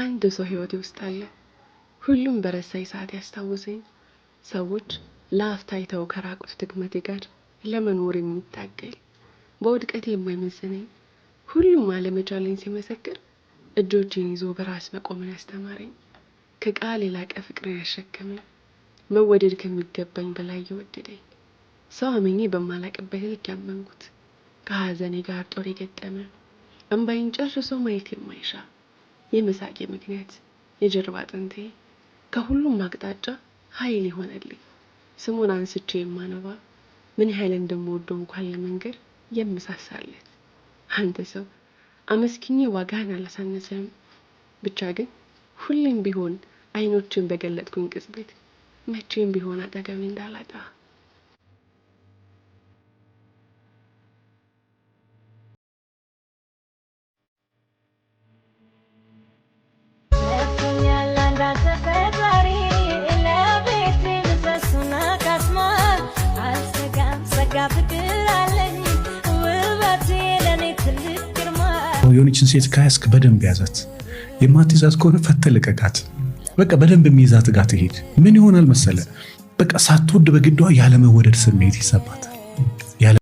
አንድ ሰው ህይወቴ ውስጥ አለ። ሁሉም በረሳኝ ሰዓት ያስታውሰኝ ሰዎች ለአፍታ አይተው ከራቁት ድክመቴ ጋር ለመኖር የሚታገል በውድቀቴ የማይመዝነኝ ሁሉም አለመቻለኝ ሲመሰክር እጆቼን ይዞ በራስ መቆምን ያስተማረኝ ከቃል የላቀ ፍቅርን ያሸከመኝ መወደድ ከሚገባኝ በላይ የወደደኝ ሰው አምኜ በማላቅበት ልክ ያመንኩት ከሀዘኔ ጋር ጦር የገጠመ እምባይን ጨርሶ ማየት የማይሻ የመሳቄ ምክንያት የጀርባ አጥንቴ ከሁሉም አቅጣጫ ኃይል ይሆነልኝ። ስሙን አንስቼ የማነባ ምን ያህል እንደምወደው እንኳን ለመንገር የምሳሳለት አንተ ሰው አመስኪኜ ዋጋህን አላሳነሰም። ብቻ ግን ሁሌም ቢሆን አይኖችን በገለጥኩኝ ቅጽበት መቼም ቢሆን አጠገብ እንዳላጣ የሆነችን ሴት ካያስክ በደንብ ያዛት። የማትይዛት ከሆነ ፈተ ልቀቃት። በቃ በደንብ የሚይዛት ጋር ትሄድ ምን ይሆናል መሰለ፣ በቃ ሳትወድ በግዷ ያለመወደድ ስሜት ይሰማታል።